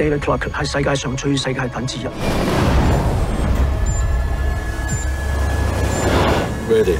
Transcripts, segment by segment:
Daily clock 係世界上最世界品之一。Ready。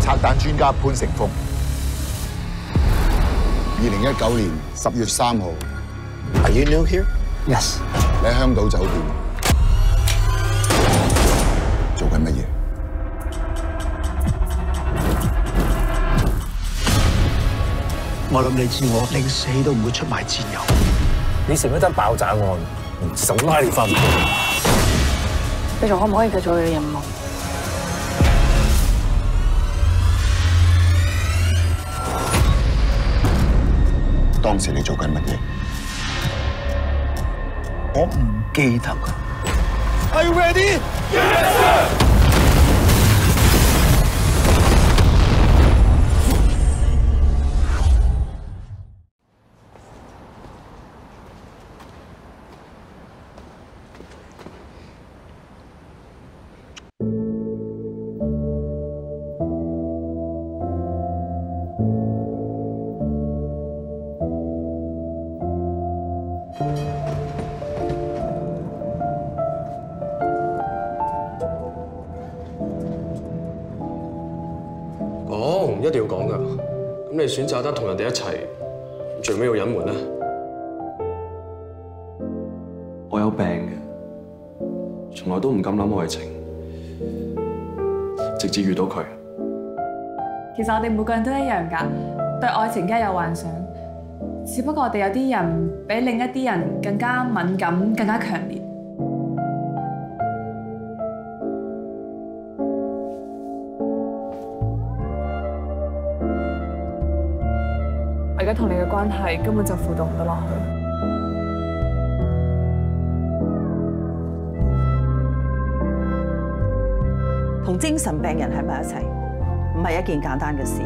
拆彈專家潘乘風，二零一九年十月三號。Are you new here? Yes。喺香島酒店。我諗你知我，寧死都唔會出賣戰友。你前一單爆炸案，手拉你翻嚟，你仲可唔可以繼續你嘅任務？當時你做緊乜嘢？我唔記得。Are you ready? Yes, sir. 你選擇得同人哋一齊，最尾要隱瞞咧。我有病嘅，從來都唔敢諗愛情，直至遇到佢。其實我哋每個人都一樣㗎，對愛情梗係有幻想，只不過我哋有啲人比另一啲人更加敏感、更加強烈。我而家同你嘅關係根本就互動唔到落去。同精神病人喺埋一齊，唔係一件簡單嘅事。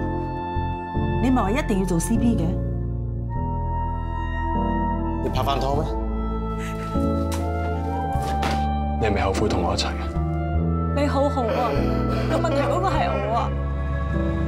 你咪話一定要做 CP 嘅？你拍翻拖咩？ 你係咪後悔同我一齊？你好紅啊，咁咪問題係我啊？